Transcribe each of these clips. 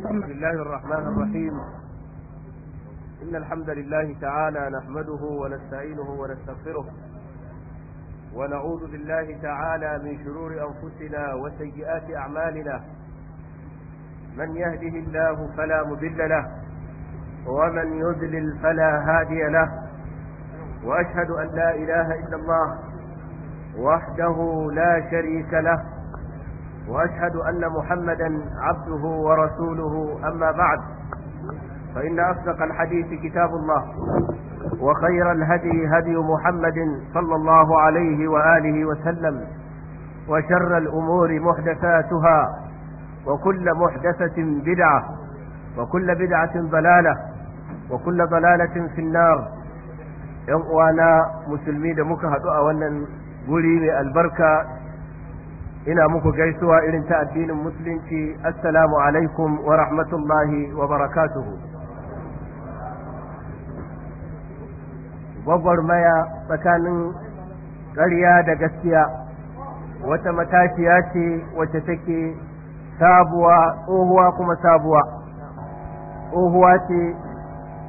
بسم الله الرحمن الرحيم إن الحمد لله تعالى نحمده ونستعينه ونستغفره ونعوذ بالله تعالى من شرور أنفسنا وسيئات أعمالنا من يهده الله فلا مضل له ومن يذلل فلا هادي له وأشهد أن لا إله إلا الله وحده لا شريك له واشهد ان محمدا عبده ورسوله اما بعد فان اصدق الحديث كتاب الله وخير الهدي هدي محمد صلى الله عليه واله وسلم وشر الامور محدثاتها وكل محدثه بدعه وكل بدعه ضلاله وكل ضلاله في النار وانا مسلمين مكهد da قولي البركة ina muku gaisuwa irin ta addinin musulunci assalamu alaikum wa rahmatullahi wa barakatuhu gwagwarmaya tsakanin ƙarya da gaskiya wata matashiya ce wacce take sabuwa tsohuwa kuma sabuwa tsohuwa ce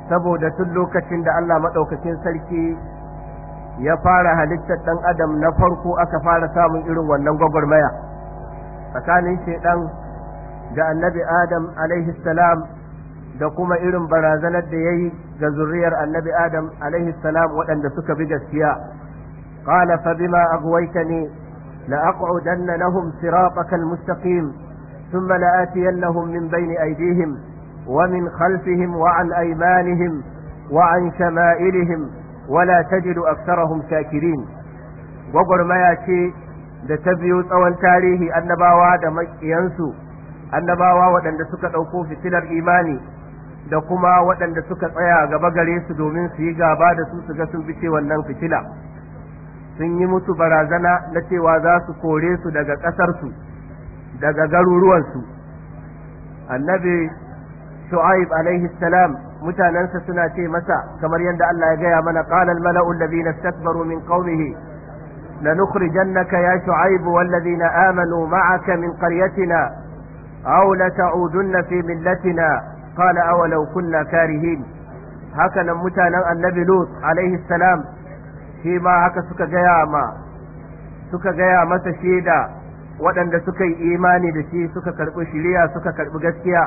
saboda tun lokacin da Allah maɗaukakin sarki ya fara halittar dan adam na farko aka fara samun irin wannan gogormaya tsakanin shaidan ga annabi adam alaihi salam da kuma irin barazanar da yayi ga zuriyar annabi adam alaihi salam wadanda suka bi gaskiya qala fa bima aghwaytani la aq'udanna lahum siratakal mustaqim thumma la atiyannahum min bayni aydihim wa min khalfihim wa an aymanihim wa an shama'ilihim wala tajidu aktharahum shakirin gwagwarmaya ce da ta biyo tsawon tarihi annabawa da makiyansu annabawa waɗanda suka ɗauko fitilar imani da kuma waɗanda suka tsaya gaba gare su domin su yi gaba da su su ga sun fice wannan fitila sun yi musu barazana na cewa za su kore su daga ƙasarsu daga garuruwansu annabi shu'aib alaihi salam mutanensa suna ce masa kamar yadda Allah ya gaya mana qala al mala'u alladhina istakbaru min qaumihi lanukhrijannaka ya shu'aib walladhina amanu ma'aka min qaryatina aw lata'udunna fi millatina qala awalau kunna karihin haka nan mutanen annabi lut alaihi salam shi ma haka suka gaya ma suka gaya masa shaida waɗanda suka yi imani da shi suka karɓi shiriya suka karɓi gaskiya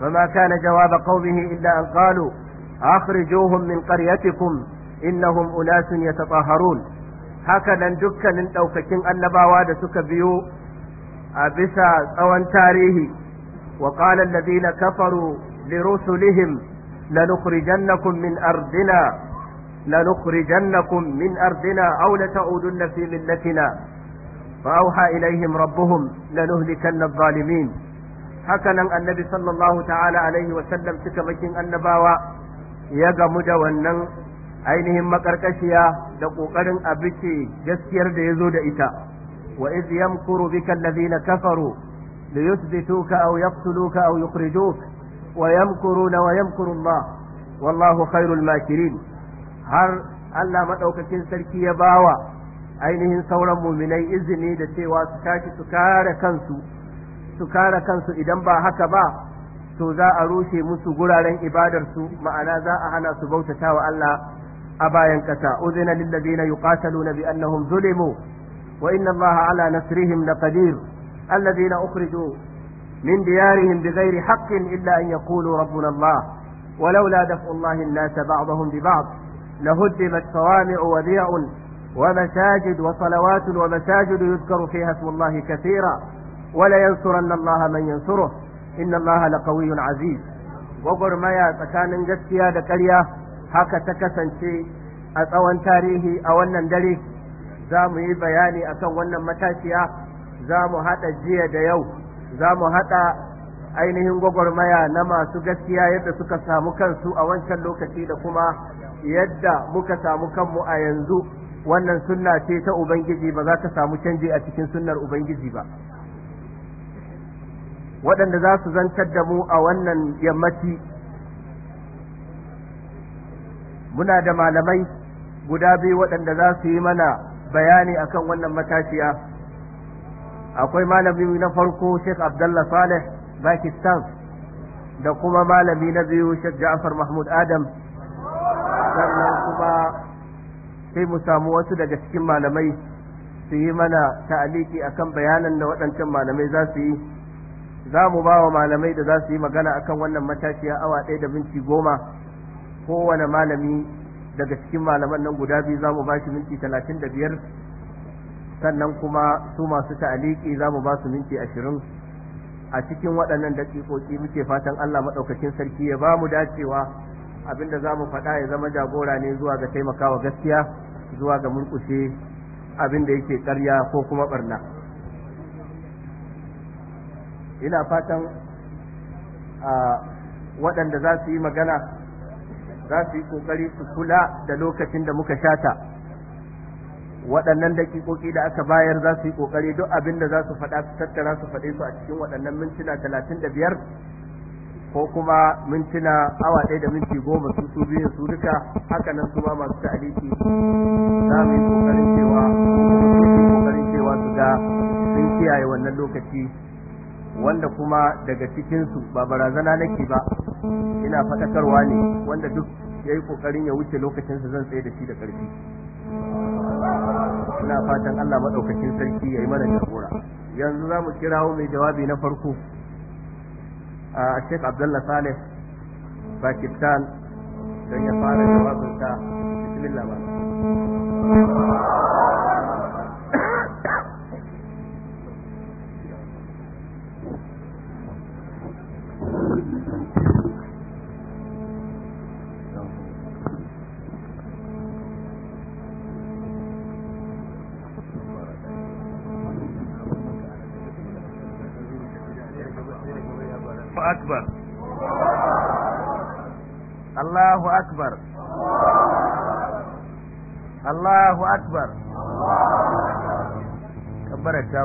فما كان جواب قومه إلا أن قالوا أخرجوهم من قريتكم إنهم أناس يتطهرون هكذا دكا لنتوككين النباوة دسك بيو أبسا أوان تاريه وقال الذين كفروا لرسلهم لنخرجنكم من أرضنا لنخرجنكم من أرضنا أو لتعودن في ملتنا فأوحى إليهم ربهم لنهلكن الظالمين haka nan annabi sallallahu ta'ala alaihi wasallam cika bakin annabawa ya gamu da wannan ainihin makarkashiya da ƙoƙarin abice gaskiyar da ya zo da ita wa iz yamkuru bika alladhina kafaru yuthbituka aw yaqtuluka aw yukhrijuk wa yamkuruna wa yamkuru Allah wallahu khairul makirin har Allah madaukakin sarki ya bawa ainihin sauran muminai izini da cewa su tashi su kare kansu su kare kansu idan ba haka ba to za a rushe musu guraren ibadarsu ma'ana za a hana su bautata wa Allah a bayan kasa uzina lil ladina yuqataluna bi annahum zulimu wa inna Allah ala nasrihim laqadir alladina ukhriju min diyarihim bighairi haqqin illa an yaqulu rabbuna Allah ولولا دفع الله الناس بعضهم ببعض لهدمت صوامع وبيع ومساجد وصلوات ومساجد يذكر فيها اسم الله كثيرا wala yansuranna Allah man yansuruh inna Allah laqawiyyun aziz gwagwarmaya tsakanin gaskiya da ƙarya haka ta kasance a tsawon tarihi a wannan dare za mu yi bayani akan wannan matashiya za mu haɗa jiya da yau za mu haɗa ainihin gwagwarmaya na masu gaskiya yadda suka samu kansu a wancan lokaci da kuma yadda muka samu kanmu a yanzu wannan sunna ce ta ubangiji ba za ta samu canji a cikin sunnar ubangiji ba waɗanda za su zantar da mu a wannan yammaci muna da malamai guda biyu waɗanda za su yi mana bayani akan wannan matashiya akwai malami na farko sheikh abdullah saleh pakistan da kuma malami na biyu sheikh ja'far mahmud adam sannan kuma sai mu samu wasu daga cikin malamai su yi mana ta'aliki akan bayanan da waɗancan malamai za su yi za mu ba wa malamai da za su yi magana akan wannan matashiya awa ɗaya da minti goma kowane malami daga cikin malaman nan guda biyu za mu ba shi minti talatin da biyar sannan kuma su masu ta'aliki za mu ba su minti ashirin a cikin waɗannan daƙiƙoƙi muke fatan Allah maɗaukakin sarki ya ba mu dacewa abinda za mu faɗa ya zama jagora ne zuwa ga taimakawa gaskiya zuwa ga mulkushe abinda yake ƙarya ko kuma ɓarna. ina fatan waɗanda za su yi magana za su yi ƙoƙari su kula da lokacin da muka shata waɗannan daƙiƙoƙi da aka bayar za su yi ƙoƙari duk abin da za su faɗa su tattara su faɗe su a cikin waɗannan mintuna talatin da biyar ko kuma mintuna awa ɗaya da minti goma su su biyu su duka haka nan su ma masu ta'aliki za mu yi ƙoƙarin cewa su ga sun kiyaye wannan lokaci wanda kuma daga cikinsu ba barazana nake ba ina faɗakarwa ne wanda duk ya yi ƙoƙarin ya wuce lokacinsa zan tsaye da shi da ƙarfi ina fatan Allah maɗaukacin sarki ya yi mana jagora yanzu za mu kirawo mai jawabi na farko a Sheikh Abdullah Saleh Pakistan don ya fara jawabinsa bismillah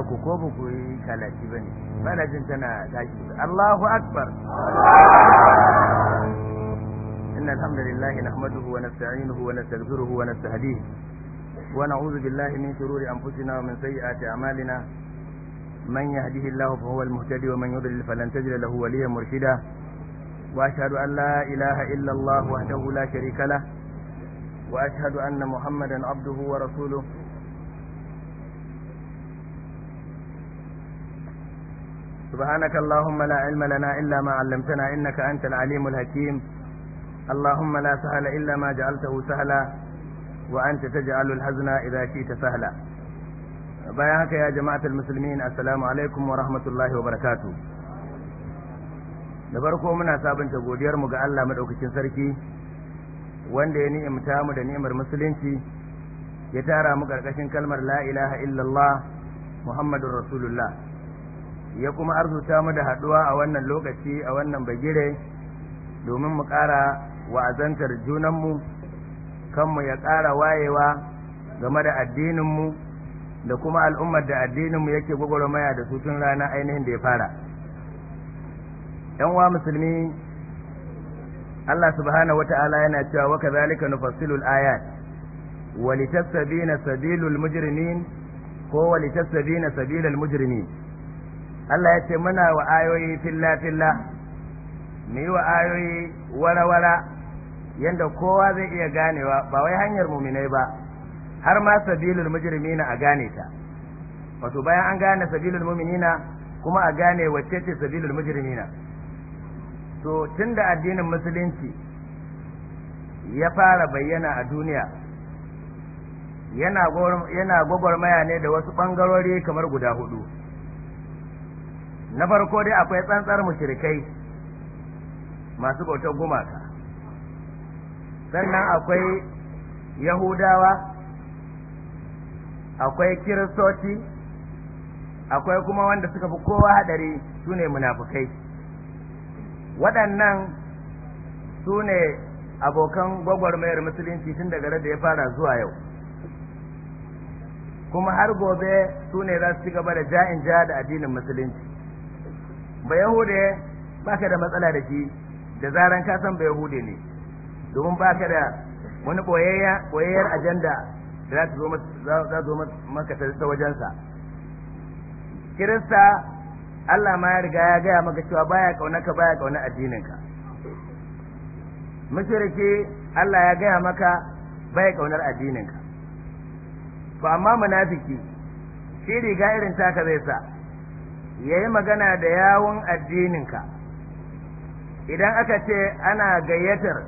ku ko ba ku yi ba ne manajin tana tashi akbar inna alhamdulillah nahmaduhu wa nasta'inuhu wa nastaghfiruhu wa nastahdih wa na'udhu billahi min wahdahu la sharika lah wa anna muhammadan abduhu wa rasuluhu سبحانك اللهم لا علم لنا إلا ما علمتنا إنك أنت العليم الحكيم اللهم لا سهل إلا ما جعلته سهلا وأنت تجعل الحزن إذا شئت سهلا بياك يا جماعة المسلمين السلام عليكم ورحمة الله وبركاته da farko muna sabunta godiyar mu ga Allah madaukakin sarki wanda ya ni'imta mu da ni'imar musulunci ya tara mu karkashin kalmar la ilaha illallah muhammadur rasulullah ya kuma arzuta mu da haduwa a wannan lokaci a wannan bagire domin mu ƙara wa'azantar junanmu kanmu ya kara wayewa game da addininmu da kuma al'ummar da addininmu yake gwagwarmaya da su tun rana ainihin da ya fara ‘yan wa musulmi Allah subhanahu wa yana cewa wa kazalika al ayat wa litastabina sabilul mujrimin ko wa litastabina sabilal mujrimin Allah ya ce muna wa ayoyi filla-filla mu yi wa ayoyi wara-wara yadda kowa zai iya ganewa ba wai hanyar muminai ba har ma sabilul mujrimina a gane ta wato bayan an gane sabilul muminina kuma a gane wacce ce sabilul mujrimina to tunda addinin musulunci ya fara bayyana a duniya yana gwagwarmaya ne da wasu ɓangarori kamar guda hudu na farko dai akwai tsantsar mushrikai masu bautar gumaka sannan akwai yahudawa akwai kiristoci akwai kuma wanda suka fi kowa hadari su ne munafukai waɗannan su ne abokan gwagwarmayar musulunci tun daga da ya fara zuwa yau kuma har gobe su ne za su ci gaba da ja'in ja da addinin musulunci ba yahude baka da matsala da shi da zaran ka san ba yahude ne domin ba ka da wani ajanda da za ta zo maka ta wajensa kirista Allah ma ya riga ya gaya maka cewa baya kaunaka baya kauna addininka mashirki Allah ya gaya maka baya kaunar addininka to amma munafiki shi riga irin taka zai sa ya yi magana da yawon addininka idan aka ce ana gayyatar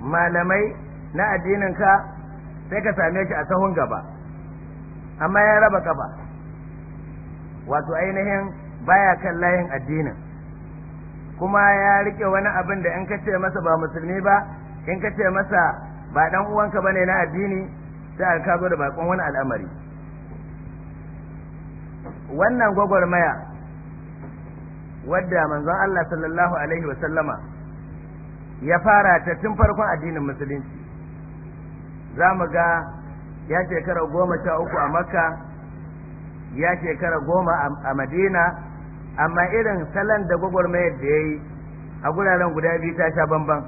malamai na addininka sai ka same shi a sahun gaba amma ya raba kafa wato ainihin baya kan layin addinin kuma ya rike wani abin da in ka ce masa ba musulmi ba in ka ce masa ba dan uwanka bane na addini sai ka zo da bakon wani al'amari wannan gwagwarmaya wadda manzon Allah sallallahu alaihi wa ya fara ta tun farkon addinin musulunci za mu ga ya shekara goma sha uku a makka ya shekara goma a madina amma irin salon da gwagwarmayar da ya yi a guraren guda biyu ta sha bamban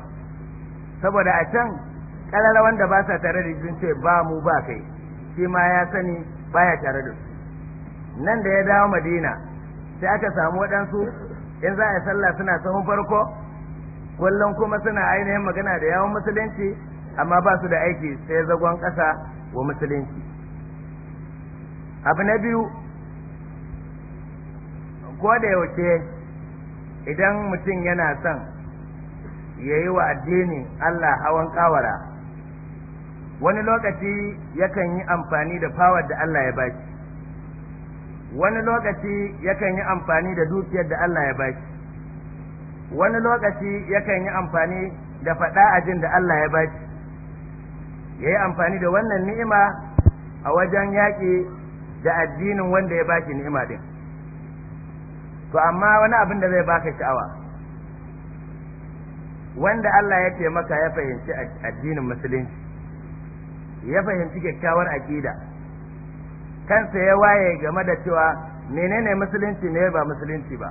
saboda a can ƙararrawan da ba sa tare da sun ba mu ba kai shi ma ya sani baya tare da su nan da ya dawo madina sai aka samu waɗansu in za a yi sallah suna sahun farko kullum kuma suna ainihin magana da yawon musulunci amma ba su da aiki sai zagon ƙasa wa musulunci abu na biyu ko da yauke idan mutum yana son ya yi wa addini Allah hawan kawara wani lokaci yakan yi amfani da fawar da Allah ya baki wani lokaci yakan yi amfani da dukiyar da Allah ya bashi wani lokaci yakan yi amfani da faɗa ajin da Allah ya bashi ya yi amfani da wannan ni'ima a wajen yaƙi da addinin wanda ya baki ni'ima din to amma wani abin da zai baka sha'awa wanda Allah ya ce maka ya fahimci addinin musulunci ya fahimci kyakkyawar aƙida kansa ya waye game da cewa menene musulunci ne ba musulunci ba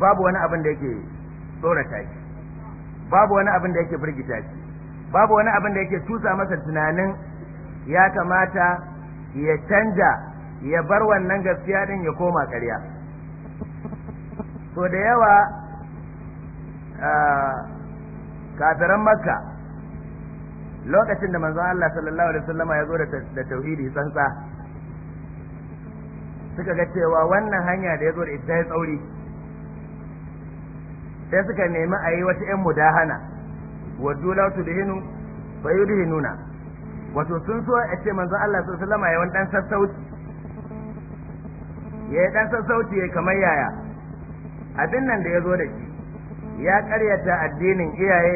babu wani abin da yake tsorata shi babu wani abin da yake firgita shi babu wani abin da yake tusa masa tunanin ya kamata ya canja ya bar wannan gaskiya din ya koma ƙarya so da yawa kafiran makka lokacin da manzon Allah sallallahu alaihi wasallama ya zo da tauhidi tsantsa suka ga cewa wannan hanya da ya zo da ita ya tsauri sai suka nemi a yi wata 'yan mudahana waddu law tudhinu fa nuna. wato sun so a ce manzo Allah sallallahu alaihi wasallam ya wani sassauci ya dan sassauci ya kamar yaya abin nan da ya zo da shi ya karyata addinin iyaye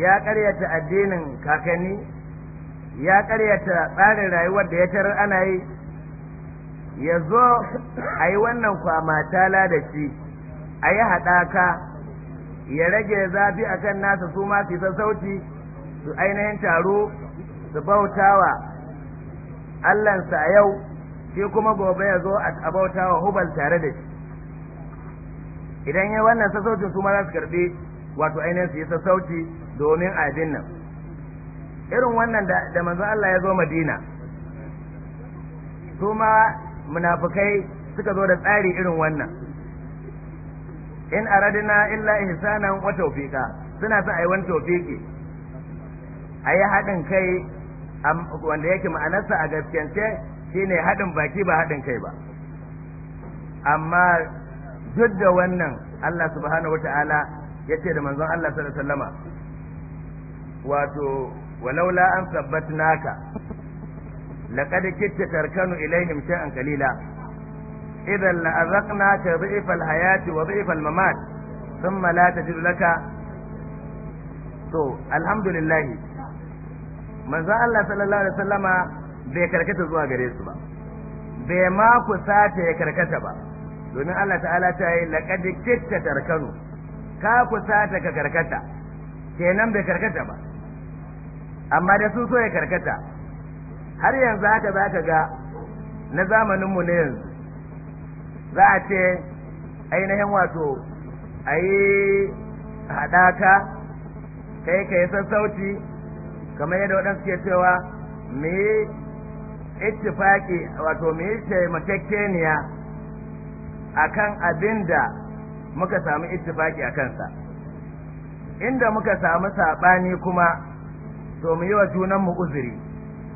ya karyata addinin kakanni ya karyata tsarin rayuwar da ya tarar ana yi ya zo a yi wannan tala da shi a yi haɗaka ya rage zafi a kan nasa su ma su sassauci su ainihin taro su bautawa allansa a yau shi kuma gobe ya zo a bautawa hubal tare da shi idan ya wannan sassauci su ma za su karɓi wato ainihin su yi sassauci domin abin nan irin wannan da manzo Allah ya zo madina su ma Munafukai suka zo da tsari irin wannan in aradina illa ihsanan wa tawfiqa suna sa ayi wani ayi haɗin kai wanda yake ma'anarsa a gaskiyance shine haɗin baki ba haɗin kai ba amma duk da wannan Allah subhanahu wata'ala ya da manzon Allah sallallahu alaihi wasallama wato walaula an sabbatnaka laqad kitta tarkanu ilaihim shay'an qalila idan la azaqnaka dhi'fa al-hayati wa dhi'fa al-mamat thumma la tajidu laka to alhamdulillah manzo Allah sallallahu bai karkata zuwa gare su ba bai ma kusata ya karkata ba domin Allah ta'ala ta yi laqad kitta ka kusata ka karkata kenan bai karkata ba amma da su so ya karkata har yanzu haka za ka ga na zamaninmu na yanzu za a ce ainihin wato a yi haɗaka kai ka yi sassauci kamar yadda waɗansu ke cewa mu yi ittifaki wato mu yi taimakekeniya a kan abin da muka samu ittifaki a kansa inda muka samu saɓani kuma to mu yi wa junanmu uzuri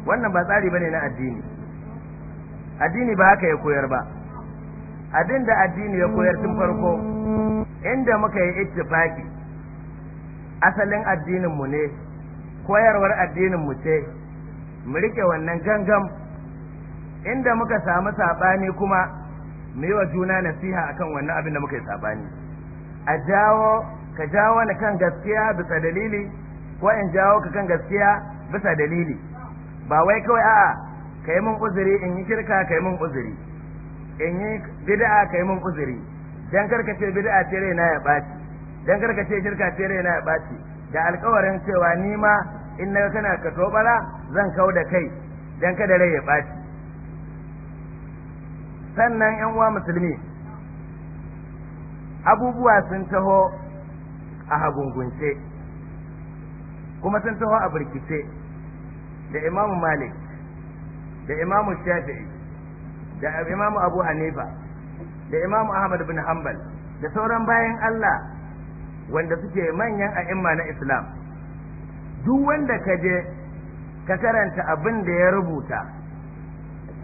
wannan ba tsari bane na addini addini ba haka ya koyar ba abin da addini ya koyar tun farko inda muka yi ittifaki asalin addininmu ne koyarwar addininmu ce mu rike wannan gangam inda muka samu sabani kuma mu yi wa juna nasiha akan wannan abin da muka yi saɓani a jawo ka jawo ni kan gaskiya bisa dalili ko in jawo ka kan gaskiya bisa dalili ba wai kawai a'a kai mun uzuri in yi shirka kai mun uzuri in yi bid'a kai mun uzuri dan karka ce bid'a ce raina ya baci dan karka ce shirka ce raina ya baci da alƙawarin cewa ni ma in na kana ka tobara zan kau da kai dan kada rai ya baci sannan yan uwa musulmi abubuwa sun taho a hagungunce kuma sun taho a birkice da imamu malik da imamu shafi'i da imamu abu hanifa da imamu ahmad bin hanbal da sauran bayan allah wanda suke manyan a'imma na islam duk wanda ka je ka karanta abin da ya rubuta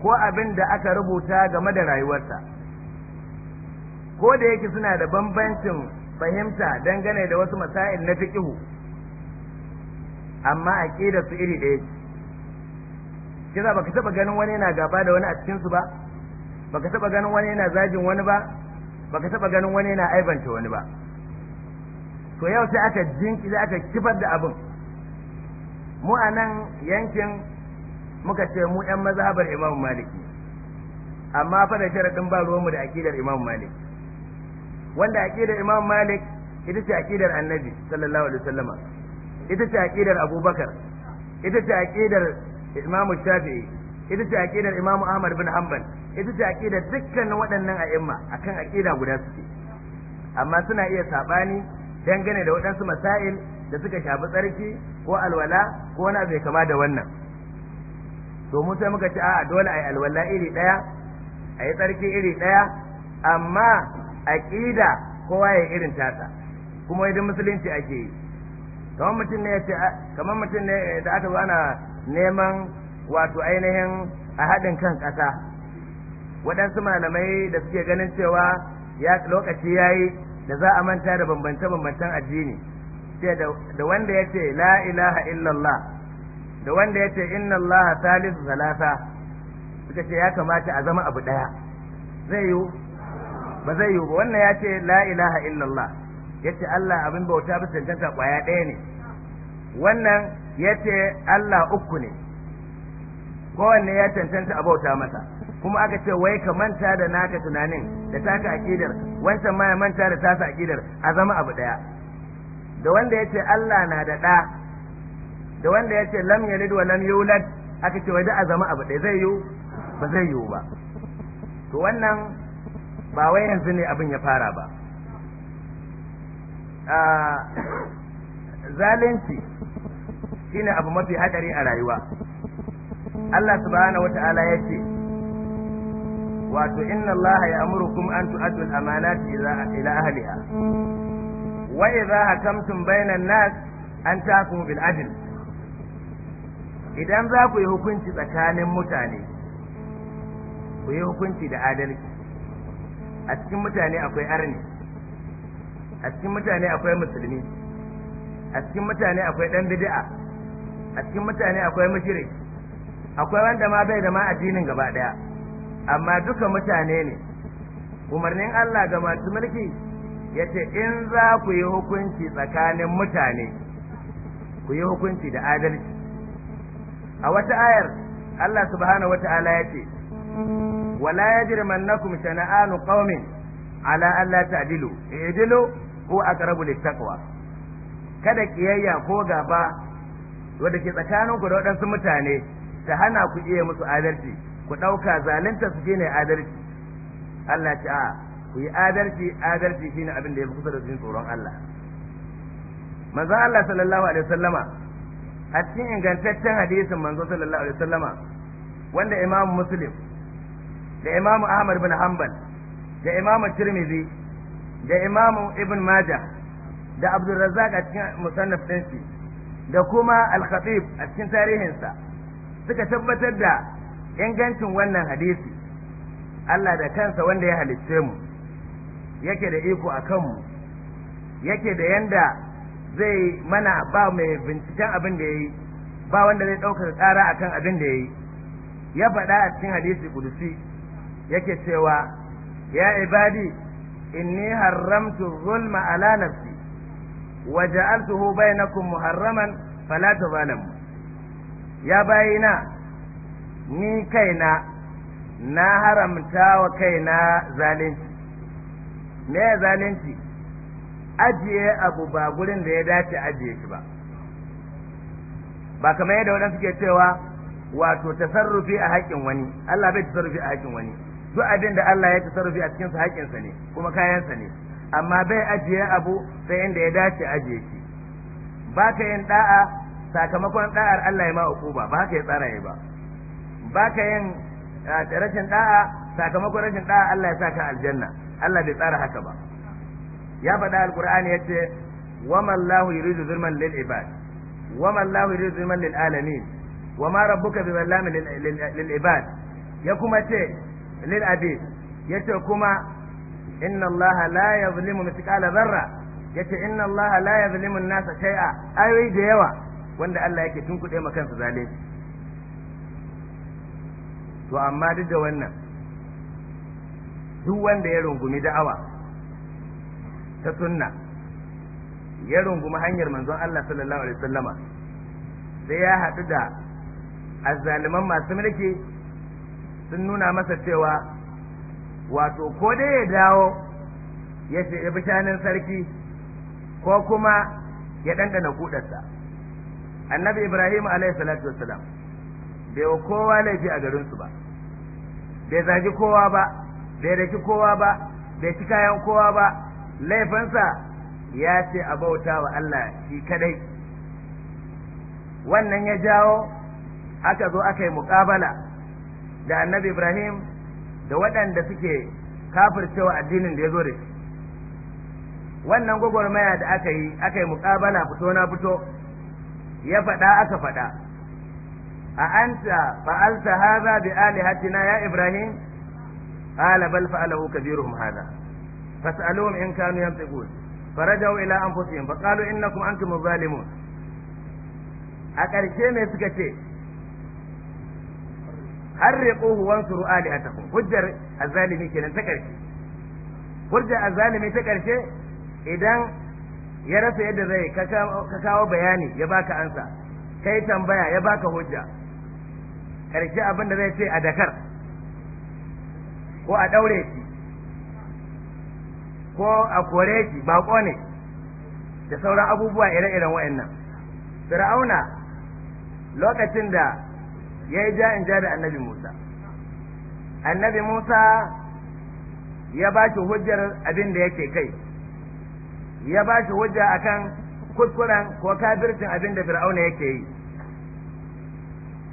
ko abin da aka rubuta game da rayuwarsa ko da yake suna da bambancin fahimta dangane da wasu masail na fiƙihu amma aƙidar su iri ɗaya kiza baka taba ganin wani yana gaba da wani a cikin su ba baka taba ganin wani yana zagin wani ba baka taba ganin wani yana aibanta wani ba to yau sai aka jinki sai aka kifar da abin mu a nan yankin muka ce mu yan mazhabar Imam Maliki amma fa da sharadin ba ruwanmu da akidar Imam Malik wanda akidar Imam Malik ita ce akidar Annabi sallallahu alaihi wasallama ita ce akidar Abubakar ita ce akidar Imam Shafi'i ita ce aqidar Imam Ahmad bin Hanbal ita ce aqidar dukkan waɗannan a'imma akan aqida guda suke amma suna iya saɓani dangane da waɗansu masail da suka shafi tsarki ko alwala ko wani abu kama da wannan to mu sai muka ci a dole ayi alwala iri daya yi tsarki iri daya amma aqida kowa ya irin tasa kuma idan musulunci ake yi kamar mutum ne ya ce kamar mutum ne da aka zo ana neman wato ainihin a haɗin kan ƙasa waɗansu malamai da suke ganin cewa ya lokaci ya yi da za a manta da bambance-bambancen addini ce da wanda ya ce la ilaha illallah da wanda ya ce inna allaha salisu salasa suka ce ya kamata a zama abu ɗaya zai yiwu ba zai yiwu ba wannan ya ce la’ilaha illallah ya ce allah abin bauta bisa cancanta ƙwaya ɗaya ne wannan ya ce Allah uku ne kowanne ya cancanta abauta masa kuma aka ce wai ka manta da naka tunanin da taka akidar wancan ma ya manta da tasa akidar a zama abu daya da wanda ya ce Allah na da ɗa da wanda ya ce lam yalid wa lam yulad aka ce wai da a zama abu daya zai yiwu ba zai yiwu ba to wannan ba wai yanzu ne abin ya fara ba ah, zalunci shine abu mafi hadari a rayuwa Allah subhanahu wata'ala ya ce wato inna Allah ya amurukum an tu'addu al-amanati ila ahliha wa idha hakamtum bainan nas an tahkumu bil adl idan za ku yi hukunci tsakanin mutane ku yi hukunci da adalci a cikin mutane akwai arni a cikin mutane akwai musulmi a cikin mutane akwai dan bid'a a cikin mutane akwai mushrik akwai wanda ma bai da ma addinin gaba ɗaya, amma duka mutane ne umarnin Allah ga masu mulki yace in za ku yi hukunci tsakanin mutane ku yi hukunci da adalci a wata ayar Allah subhanahu wata'ala yace wala yajrimannakum shana'anu qaumin ala alla ta'dilu i'dilu huwa aqrabu lit-taqwa kada kiyayya ko gaba wadda ke tsakaninku da waɗansu mutane ta hana ku iya musu adalci ku ɗauka zalunta su shine adalci Allah ce a ku yi adalci adalci shine abin da ya fi kusa da jin tsoron Allah manzo Allah sallallahu alaihi wasallama a cikin ingantaccen hadisin manzo sallallahu alaihi wasallama wanda Imam Muslim da Imam Ahmad bin Hanbal da Imam Tirmidhi da Imam Ibn Majah da abdulrazzaq a cikin musannaf ɗin da kuma al a cikin tarihinsa suka tabbatar da ingancin wannan hadisi Allah da kansa wanda ya halicce mu yake da iko a kanmu yake da yanda zai mana ba mai binciken abin da ya yi ba wanda zai ɗaukar ƙara akan abin da ya yi ya faɗa a cikin hadisi kudusi yake cewa ya ibadi inni haramtu zulma ala nafsi wa ja'altuhu bainakum muharraman fala tazalamu ya bayina ni kaina na haramta wa kaina zalunci me zalunci ajiye abu ba gurin da ya dace ajiye shi ba ba kamar yadda wadansu ke cewa wato tasarrufi a haƙƙin wani Allah bai tasarrufi a haƙƙin wani duk abin da Allah ya tasarrufi a cikin sa haƙƙinsa ne kuma kayansa ne amma bai ajiye abu sai inda ya dace ajiye shi ba ka yin da'a sakamakon da'ar Allah ya ma uku ba ba ya tsara ya ba ba ka yin ah, rashin da'a sakamakon rashin da'a Allah ya saka aljanna Allah bai tsara haka ba ya faɗa alqur'ani yace wa man lahu yuridu zulman lil ibad wa man lahu yuridu zulman lil alamin wa ma rabbuka bi zallamin lil ibad ya kuma ce lil abid yace kuma inna Allah la yazlimu zarra, dharra yace inna allaha la yazlimu an-nasa shay'a ayoyi da yawa wanda Allah yake tunkuɗe ma kansa zalimi to amma duk da wannan duk wanda ya rungumi da'awa ta sunna ya rungumi hanyar manzon Allah sallallahu alaihi wasallama sai ya haɗu da azzaliman masu mulki sun nuna masa cewa wato ko dai ya dawo ya ya bi sarki ko kuma ya ɗanɗana kudarsa annabi ibrahim alayhi salatu wassalam bai wa kowa laifi a garinsu ba bai zagi kowa ba bai raki kowa ba bai ci kayan kowa ba laifinsa ya ce a bauta wa Allah shi kadai wannan ya jawo aka zo aka yi muƙabala da annabi ibrahim da waɗanda suke kafircewa addinin da ya zo da shi wannan gwagwarmaya da aka yi aka yi muƙabala fito na fito ya faɗa aka faɗa a an ta fa'alta haza bi alihatina ya ibrahim ala bal fa'alahu haza. hadha fas'aluhum in kanu yantiqun farajau ila kuma an innakum antum zalimun a ƙarshe ne suka ce harriquhu a alihatakum hujjar azalimi kenan ta karshe hujjar azalimi ta karshe idan ya rasa yadda zai ka kawo bayani ya baka ansa kai tambaya ya baka hujja karshe abin da zai ce a dakar ko a daure shi ko a kore shi baƙo ne da sauran abubuwa ire-iren wa'annan fir'auna lokacin da ya yi ja in ja da annabi Musa annabi Musa ya ba shi hujjar abin da yake kai ya ba shi hujja kan kuskuren ko kafircin abin da fir'auna yake yi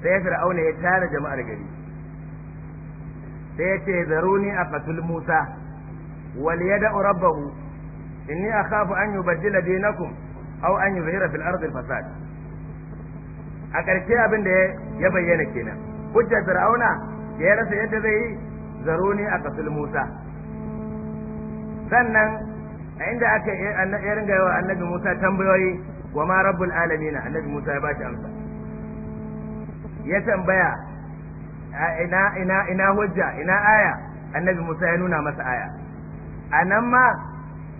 sai fir'auna ya tara jama'ar gari sai ya ce zaruni a fasul Musa wal yada'u rabbahu inni kafu an yubaddila dinakum au an zahira fil ardi fasad a ƙarshe abin da ya. ya bayyana kenan hujja fir'auna da ya rasa yadda zai yi zaro ne a kasul musa sannan a inda aka ya ringa yawa annabi musa tambayoyi wa ma rabbul alamin annabi musa ya bashi amsa ya tambaya ina ina ina hujja ina aya annabi musa ya nuna masa aya a nan ma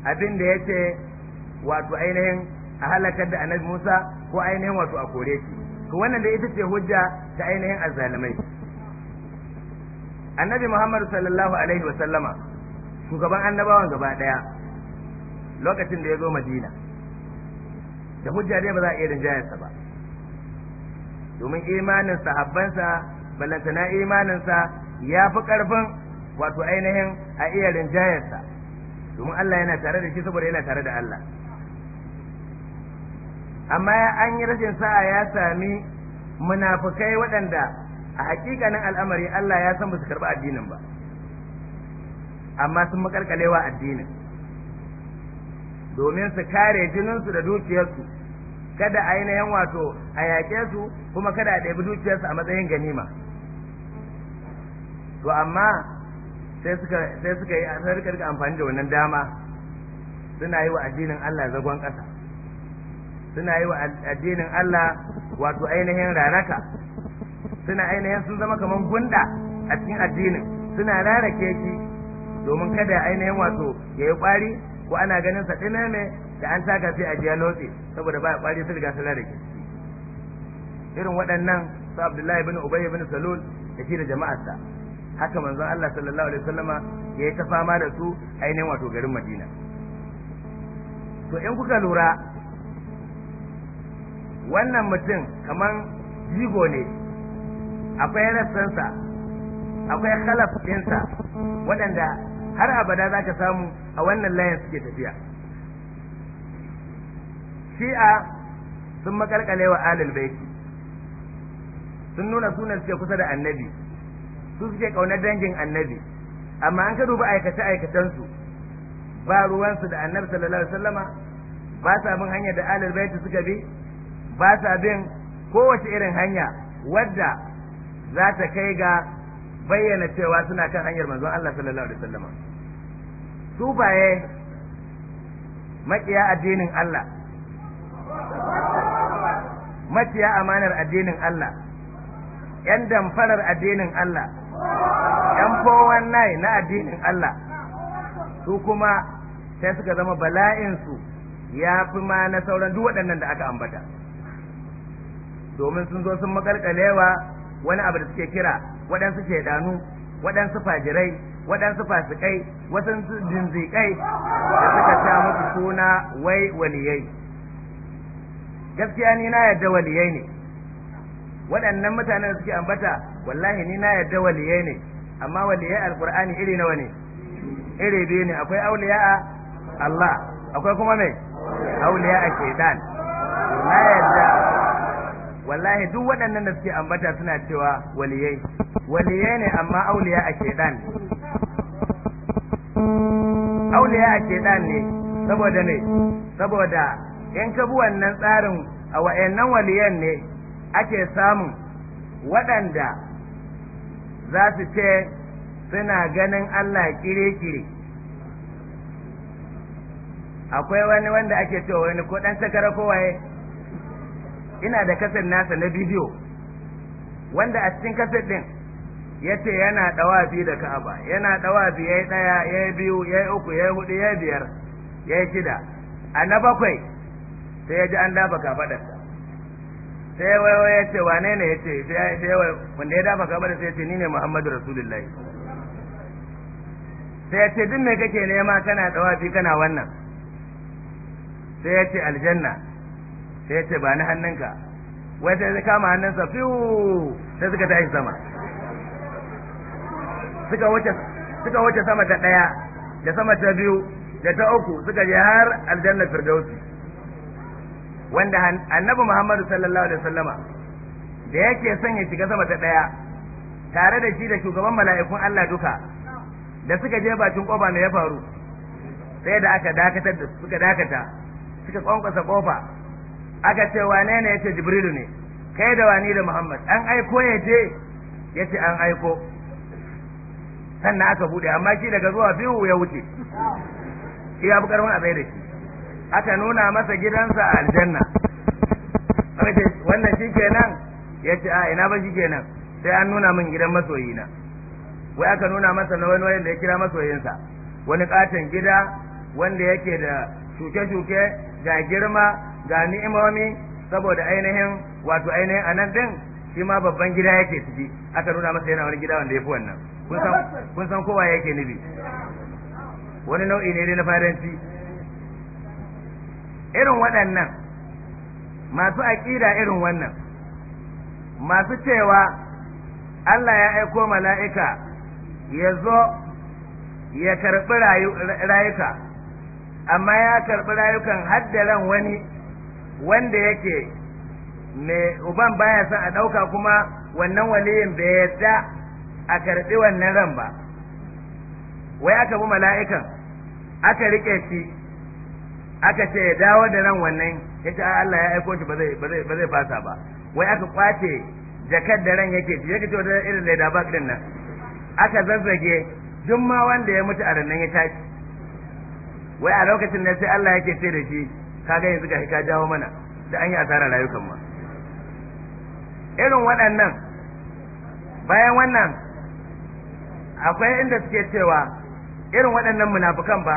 abin da ya ce wato ainihin a halakar da annabi musa ko ainihin wato a kore shi to wannan da ita ce hujja ta ainihin azzalimai annabi Muhammadu sallallahu alaihi wa sallama shugaban annabawan gaba daya lokacin da ya zo madina da hujja dai ba za a iya rinjayarsa ba domin imanin sahabbansa ballantana imaninsa ya fi karfin wato ainihin a iya rinjayarsa domin Allah yana tare da shi saboda yana tare da Allah amma an yi rashin sa'a ya sami munafukai waɗanda a hakikanin al'amari Allah ya san basu karɓi addinin ba amma sun makalkalewa addinin domin su kare jininsu da dukiyarsu kada a yi ainihin wato a yaƙe su kuma kada a ɗabi dukiyarsu a matsayin ganima to amma sai suka yi a suka amfani da wannan dama suna yi wa addinin Allah zagon ƙasa suna yi wa addinin Allah wato ainihin raraka suna ainihin sun zama kamar gunda a cikin addinin suna rarake shi domin kada ainihin wato ya yi ƙwari ko ana ganin sa ɗina ne da an taka sai a jiya lotse saboda ba ƙwari su riga su rarake irin waɗannan su Abdullahi bin Ubay bin Salul da shi da jama'arsa haka manzon Allah sallallahu alaihi wasallama ya yi ta fama da su ainihin wato garin Madina to in kuka lura wannan mutum kamar jigo ne akwai rassansa akwai khalaf ɗinsa waɗanda har abada za ka samu a wannan layin suke tafiya shi'a sun makalkale wa alil baiti sun nuna sunan suke kusa da annabi su suke kaunar dangin annabi amma an ka duba aikace aikacensu ba ruwansu da annabi sallallahu alaihi wasallama ba sa bin hanyar da alil baiti suka bi ba sa bin kowace irin hanya wadda za ta kai ga bayyana cewa suna kan hanyar manzo Allah sallallahu alaihi wasallam sufaye makiya addinin Allah makiya amanar addinin Allah ‘yan damfarar addinin Allah ‘yan fowan nai na addinin Allah su kuma sai suka zama bala'insu ya fi ma na sauran duk waɗannan da aka ambata. domin sun zo sun makalkalewa wani abu da suke kira waɗansu shaidanu waɗansu fajirai waɗansu fasikai waɗansu jinzikai da suka sha musu suna wai waliyai gaskiya ni na yadda waliyai ne waɗannan mutanen da suke ambata wallahi ni na yadda waliyai ne amma waliyai alkur'ani iri nawa ne iri biyu ne akwai auliya Allah akwai kuma mai auliya a shaidan na yadda wallahi duk waɗannan da suke ambata suna cewa waliyai waliyai ne amma auliya a shedan auliya a shedan ne saboda ne saboda in ka bi wannan tsarin a wa'annan waliyan ne ake samun waɗanda za su ce suna ganin Allah kire-kire akwai wani wanda ake cewa wani ko ɗan takara waye ina da kasar nasa na bidiyo wanda a cikin kasar din ya ce yana ɗawafi da ka'aba yana ɗawafi ya yi ɗaya ya yi biyu ya yi uku ya yi hudu ya yi biyar ya yi shida a na bakwai sai ya ji an dafa kafaɗarsa sai wai ya ce wane ne ya ce sai wanda ya dafa kafaɗarsa sai ya ce ni ne muhammadu rasulullahi sai ya ce duk me kake nema kana ɗawafi kana wannan sai ya ce aljanna sai ya ce ba ni hannunka wai sai ya kama hannunsa fiu sai suka tashi sama suka wuce sama ta daya da sama ta biyu da ta uku suka je har aljannar firdausi wanda annabi Muhammadu sallallahu alaihi wasallama da yake son ya shiga sama ta ɗaya tare da shi da shugaban mala'ikun Allah duka da suka je bakin kofa ne ya faru sai da aka dakatar da suka dakata suka kwankwasa kofa aka ce wane ne yace jibrilu ne kai da wani da muhammad an aiko ya je yace an aiko sannan aka bude amma shi daga zuwa biyu ya wuce shi ya bukar wani abai da shi aka nuna masa gidansa a aljanna wannan shi kenan yace a ina ba shi kenan sai an nuna min gidan masoyina wai aka nuna masa na wani wayan ya kira masoyinsa wani katon gida wanda yake da shuke-shuke ga girma ga ni'imomi saboda ainihin wato ainihin anan din shi ma babban gida yake ciki aka nuna masa yana wani gida wanda ya fi wannan kun san kowa yake nufi wani nau'i ne dai na faranci irin waɗannan masu aƙida irin wannan masu cewa Allah ya aiko mala'ika ya zo ya karɓi rayuka amma ya karɓi rayukan haddaran wani wanda yake mai uban baya sa a ɗauka kuma wannan waliyin bai yadda a karɓi wannan ran ba wai aka bi mala'ikan aka riƙe shi aka ce ya dawo da ran wannan ya ce Allah ya aiko shi ba zai fasa ba wai aka kwace jakar da ran yake ci yake ce wata irin laida ba ɗin nan aka zazzage duk ma wanda ya mutu a rannan ya tashi wai a lokacin da sai Allah yake ce da shi kaga yanzu ga ka jawo mana da an yi asara rayukan ma irin waɗannan bayan wannan akwai inda suke cewa irin waɗannan munafukan ba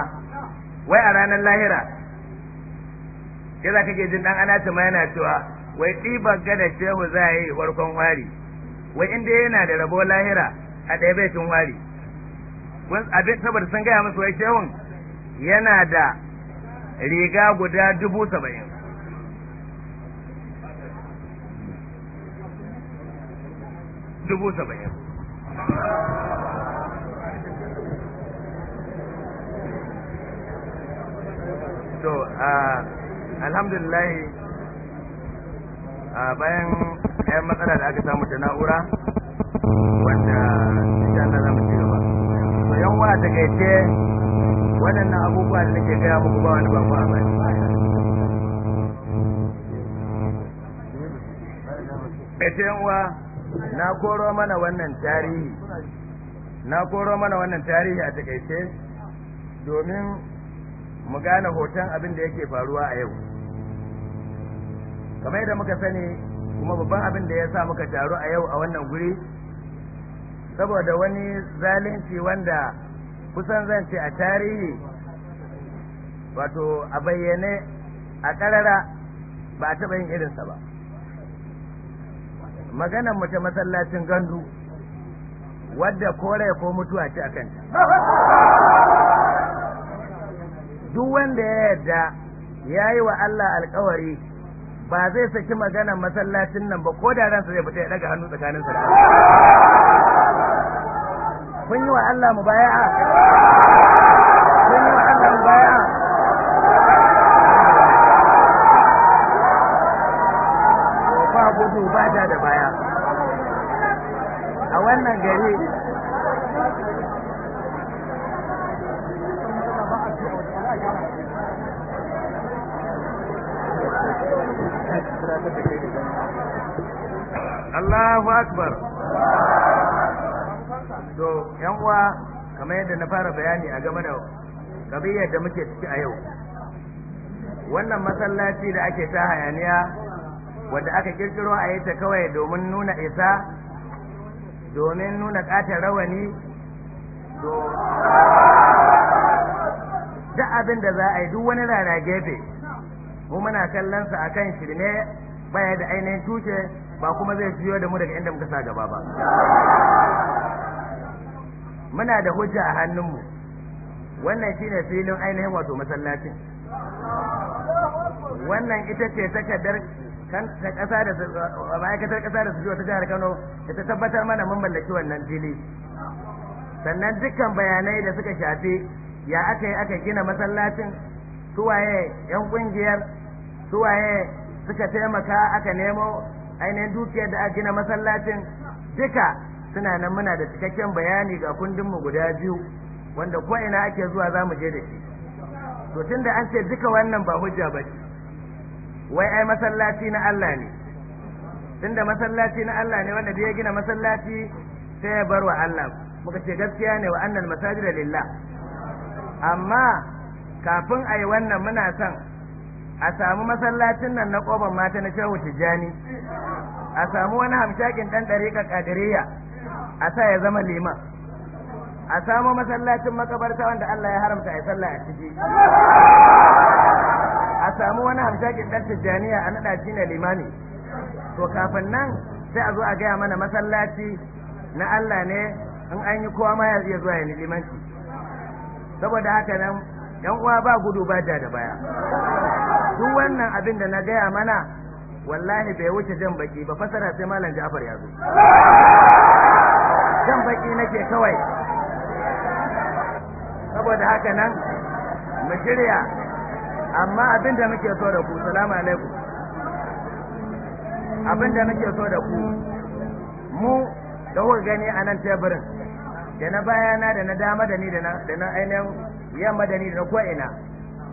wai a ranar lahira ya za ka ke jin ɗan ana ma yana cewa wai ɗiba gada shehu za a yi warkon wari wai inda yana da rabo lahira a ɗaya baitin wari abin saboda sun gaya musu wai shehun yana da riga guda dubu saba'in dubu saba'in to alhamdulillah bayan yan matsala da aka samu ta na'ura wanda ya Allah za mu ci gaba to waɗannan abubuwa da nake gaya muku ba wani babu a bayan baya uwa na koro mana wannan tarihi na koro mana wannan tarihi a takaice domin mu gane hoton abin da yake faruwa a yau kamar yadda muka sani kuma babban abin da ya sa muka taru a yau a wannan guri saboda wani zalunci wanda kusan zan ce a tarihi wato a bayyane a ƙarara ba a taɓa yin irinsa ba maganan mu ta masallacin gandu wadda kore ko mutuwa ce a kanta duk wanda ya yarda ya yi wa Allah alkawari ba zai saki maganan masallacin nan ba ko da ransa zai fita ya daga hannu tsakaninsa da kun yi wa Allah mubaya'a kun yi wa Allah ba gudu ba da da baya a wannan gari Allahu Akbar yan uwa kamar yadda na fara bayani a game da ƙabiyyar da muke ciki a yau wannan masallaci da ake ta hayaniya wadda aka kirkiro a yi ta kawai domin nuna isa domin nuna ƙatar rawani da abin da za a yi duk wani rana gefe mu muna kallon sa akan shirme baya da ainihin tushe ba kuma zai siyo da mu daga inda muka sa gaba ba muna da hujja a hannunmu wannan shine filin ainihin wato masallacin wannan ita ce takardar ma'aikatar kasa da su ta jihar Kano da ta tabbatar mana mun mallaki wannan fili sannan dukkan bayanai da suka shafi ya aka yi aka gina masallacin suwaye yan kungiyar suwaye suka taimaka aka nemo ainihin dukiyar da aka gina masallacin duka suna nan muna da cikakken bayani ga kundinmu guda biyu wanda ko ina ake zuwa za mu je da shi to tunda an ce duka wannan ba hujja ba ce wai ai masallaci na Allah ne tunda masallaci na Allah ne wanda ya gina masallaci sai ya bar wa Allah muka ce gaskiya ne wa annal masajida lillah amma kafin a yi wannan muna son a samu masallacin nan na koban mata na shehu tijjani a samu wani hamshakin ɗan ɗariƙa ƙadiriya a sa ya zama liman a samu masallacin makabarta wanda Allah ya haramta ya salla a ciki a samu wani hamshakin dan tijjaniya a naɗa shi ne limami to kafin nan sai a zo a gaya mana masallaci na Allah ne in an yi kowa ma ya zuwa ya limanci saboda haka nan yan uwa ba gudu ba da baya duk wannan abin da na gaya mana wallahi bai wuce jan baki ba fasara sai malam Ja'far ya zo jan baki nake kawai saboda haka nan mu shirya amma abin da muke so da ku salamu alaikum abin da muke so da ku mu da kuka gani a nan teburin da na bayana da na dama da ni da na ainihin yamma da ni da na ko'ina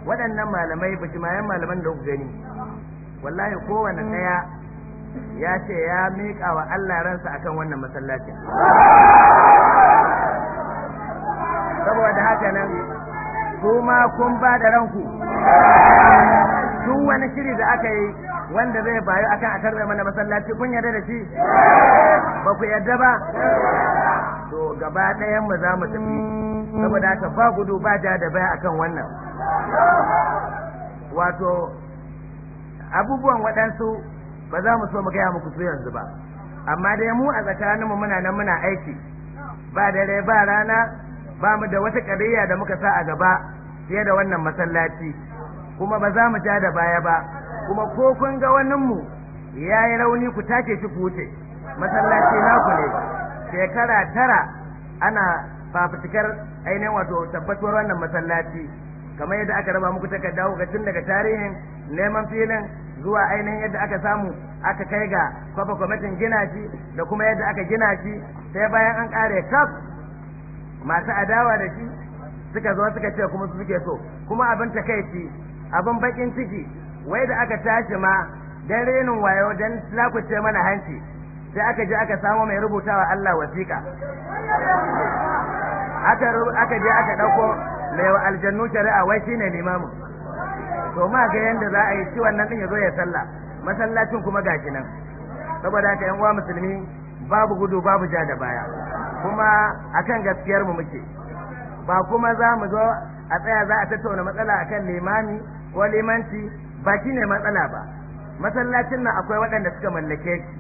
waɗannan malamai bishimayen malaman da kuka gani wallahi kowane ɗaya ya ce ya mika wa Allah ransa akan wannan masallacin saboda haka nan kuma kun ba da ranku duk wani shiri da aka yi wanda zai bayu akan akar karɓe mana masallaci kun yarda da shi ba ku yarda ba to gaba ɗayan mu za mu tafi saboda haka ba gudu ba ja da baya akan wannan wato abubuwan waɗansu ba za mu so mu gaya muku su yanzu ba amma dai mu a tsakaninmu muna nan muna aiki ba dare ba rana ba mu da wata ƙariya da muka sa a gaba fiye da wannan masallaci kuma ba za mu ja da baya ba kuma ko kun ga waninmu ya yi rauni ku take shi ku wuce masallaci naku ne shekara tara ana fafutukar ainihin wato tabbatuwar wannan masallaci kamar yadda aka raba muku takarda kuka tun daga tarihin neman filin zuwa ainihin yadda aka samu aka kai ga kwafa kwamitin gina shi da kuma yadda aka gina shi sai bayan an kare kaf masu adawa da shi suka zo suka ce kuma su suke so kuma abin ta takaici abin bakin ciki wai da aka tashi ma dan renin wayo dan lakuce mana hanci sai aka je aka samu mai rubutawa Allah wasiƙa aka je aka ɗauko mai aljannu shari'a wai shine limamin to ma ga yanda za a yi ci wannan din ya zo ya sallah masallacin kuma gashi nan saboda haka yan uwa musulmi babu gudu babu ja da baya kuma akan gaskiyar mu muke ba kuma za mu zo a tsaya za a tattauna matsala akan limami ko limanci ba shi ne matsala ba masallacin nan akwai waɗanda suka mallake shi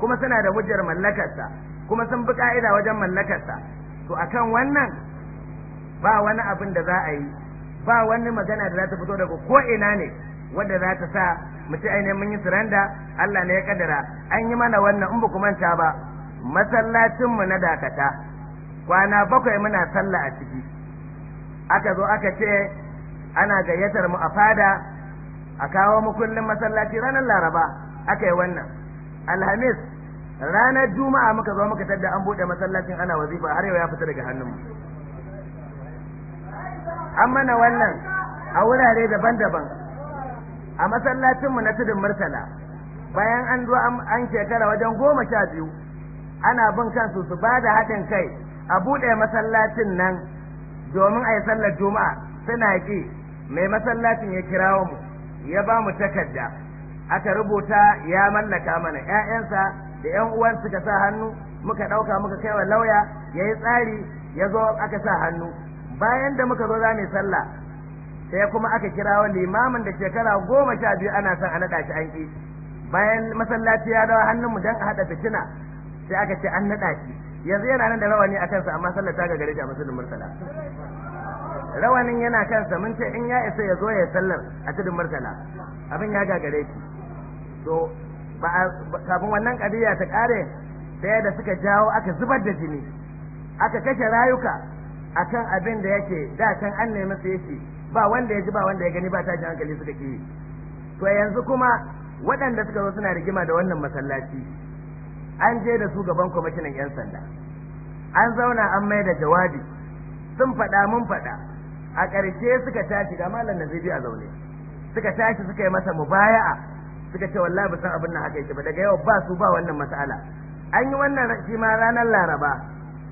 kuma suna da hujjar mallakarsa kuma sun bi ka'ida wajen mallakarsa to akan wannan ba wani abin da za a yi ba wani magana da za ta fito daga ko ina ne wanda za ta sa mu ci ainihin mun yi suranda Allah ne ya kaddara an yi mana wannan in ba ku manta ba masallacin mu na dakata kwana bakwai muna sallah a ciki aka zo aka ce ana gayyatar mu a fada a kawo mu kullum masallaci ranar laraba aka yi wannan alhamis ranar juma'a muka zo muka tadda an buɗe masallacin ana wazifa har yau ya fita daga hannunmu an mana wannan a wurare daban-daban a masallacinmu na tudun murtala bayan an zo an shekara wajen goma sha biyu ana bin kansu su ba da haɗin kai a buɗe masallacin nan domin a yi sallar juma'a suna ƙi mai masallacin ya kirawo mu ya ba mu takarda aka rubuta ya mallaka mana 'ya'yansa da 'yan uwan suka sa hannu muka ɗauka muka kai wa lauya ya yi tsari ya zo aka sa hannu bayan da muka zo za mu sallah sai kuma aka kirawo limamin da shekara goma sha biyu ana son a naɗa shi an ƙi bayan masallaci ya dawo hannunmu don a haɗa fitina sai aka ce an naɗa shi yanzu yana nan da rawani a kansa amma sallar ta gagare shi a musulun murtala rawanin yana kansa mun ce in ya isa ya zo ya sallar a tudun murtala abin ya gagare shi to kafin wannan kadiya ta kare sai da suka jawo aka zubar da jini aka kashe rayuka akan abin da yake da kan an nemi su yake ba wanda ya ba wanda ya gani ba tashin hankali suka kiyi to yanzu kuma waɗanda suka zo suna rigima da wannan masallaci an je da su gaban kwamishinan 'yan sanda an zauna an mai da jawabi sun faɗa mun faɗa a ƙarshe suka tashi ga malam bi a zaune suka tashi suka yi masa mubaya'a suka ce wallahi ba san abin nan haka yake ba daga yau ba su ba wannan mas'ala an yi wannan shi ma ranar laraba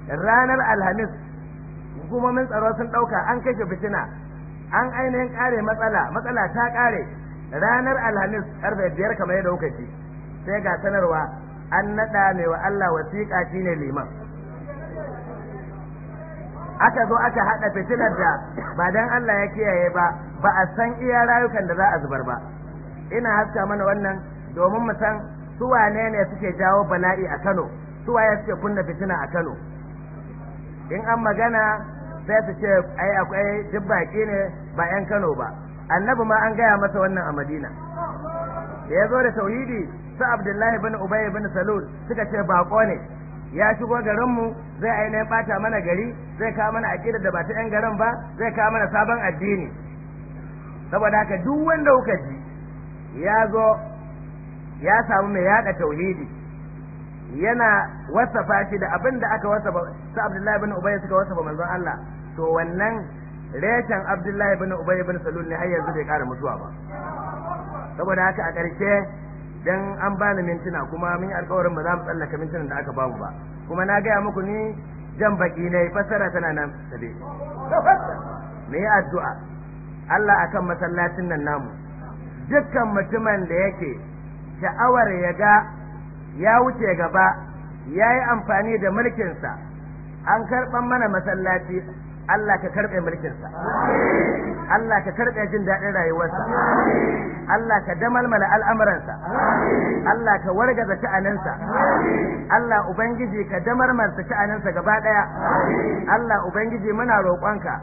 ranar alhamis hukumomin tsaro sun ɗauka an kashe fitina an ainihin kare matsala matsala ta kare ranar alhamis karfe biyar kamar yadda kuka sai ga sanarwa an naɗa mai wa Allah wasiƙa shine liman aka zo aka haɗa fitinar da ba dan Allah ya kiyaye ba ba a san iya rayukan da za a zubar ba ina haska mana wannan domin mu san su wane ne suke jawo bala'i a Kano su waye suke kunna fitina a Kano in an magana sai su ce ai akwai duk baki ne ba yan Kano ba annabi ma an gaya masa wannan a Madina ya zo da tauhidi su Abdullahi bin Ubay bin Salul suka ce bako ne ya shigo garin mu zai ya bata mana gari zai kawo mana aqidar da ba ta yan garin ba zai kawo mana sabon addini saboda haka duk wanda kuka ji ya zo ya samu mai yada tauhidi yana wasafa shi da abin da aka wasafa sa Abdullahi ibn Ubay suka wasafa manzon Allah to wannan reshen Abdullahi ibn Ubay ibn Salul ne har yanzu bai kara mutuwa ba saboda haka a ƙarshe dan an bani mintuna kuma mun alƙawarin ba za mu tsallaka mintunan da aka bamu ba kuma na gaya muku ni jan baki ne fasara tana nan tabe me yi addu'a Allah akan masallacin nan namu dukkan mutumin da yake sha'awar ya ga ya wuce gaba ya yi amfani da mulkinsa an karɓan mana masallaci Allah ka karɓe mulkinsa Allah ka karɓe jin daɗin rayuwarsa Allah ka damalmala al'amuransa Allah ka wargaza sha'aninsa Allah Ubangiji ka damarmarsa sha'aninsa gaba ɗaya Allah Ubangiji muna roƙonka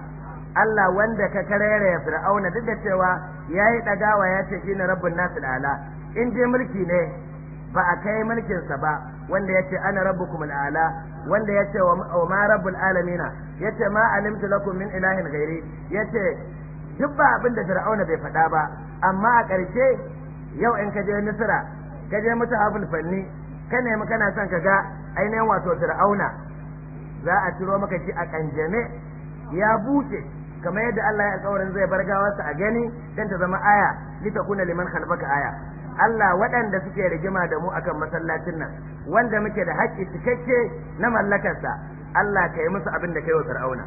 Allah wanda ka karere ya fir'auna duk da cewa ya yi ɗagawa ya ce shi ne rabbin nasu ala in je mulki ne ba a kai mulkinsa ba wanda yace ce ana rabbukum al'ala wanda ya ce wa ma rabbul alamina ya ma alimtu lakum min ilahin gairi yace duk ba abin da fir'auna bai faɗa ba amma a ƙarshe yau in ka je misira ka je mutu abul fanni ka nemi kana son ka ga ainihin wato fir'auna za a ciro maka shi a kanjame ya buce kamar yadda Allah ya alƙawarin zai bar gawarsa a gani dan ta zama aya litakuna liman khalfaka aya Allah waɗanda suke rigima da mu akan masallacin nan wanda muke da haƙƙi cikakke na mallakarsa Allah ka yi musu abin da kai wa Fir'auna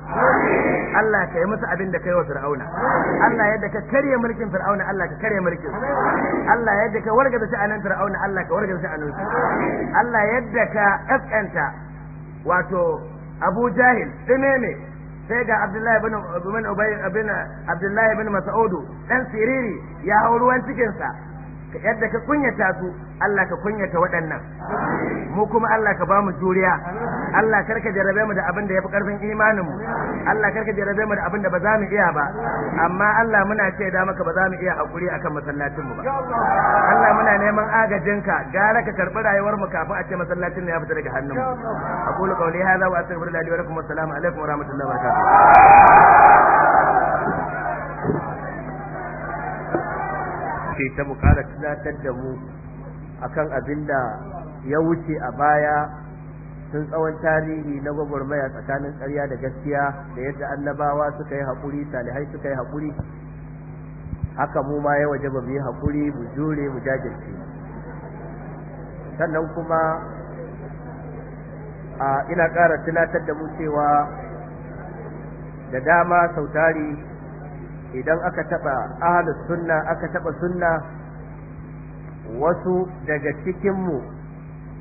Allah ka yi musu abin da kai wa Fir'auna Allah yadda ka karye mulkin Fir'auna Allah ka karye mulkin Allah yadda ka wargaza shi sha'anin Fir'auna Allah ka wargaza shi sha'anin Allah yadda ka kaskanta wato Abu Jahil ne. sai ga Abdullahi bin Ubay bin Abdullahi bin Mas'ud dan siriri ya hau ruwan cikin sa yadda ka kunyata su Allah ka kunyata waɗannan mu kuma Allah ka bamu juriya Allah karka jarabe mu da abin da yafi karfin imanin mu Allah karka jarabe mu da abin da ba za mu iya ba amma Allah muna ce da maka ba za mu iya hakuri akan masallacin mu ba Allah muna neman agajinka gara ka karbi rayuwar mu kafin a ce masallacin ne ya fita daga hannun mu aqulu qawli hadha wa astaghfirullahi wa lakum assalamu alaikum wa rahmatullahi wa barakatuh ce ta mu ƙara tunatar da mu akan abin da ya wuce a baya tun tsawon tarihi na gwagwarmaya tsakanin ƙarya da gaskiya da yadda annabawa suka yi haƙuri salihai suka yi haƙuri haka mu ma ya waje ba mu yi haƙuri mu jure mu jajirce sannan kuma a ina ƙara tunatar da mu cewa da dama sau tari. idan aka taba ahlus sunna aka taɓa sunna wasu daga cikin mu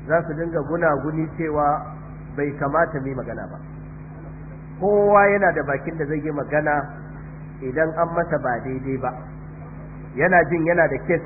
za su dinga gunaguni cewa bai kamata mu yi magana ba kowa yana da bakin da zai yi magana idan an masa ba daidai ba yana jin yana da kes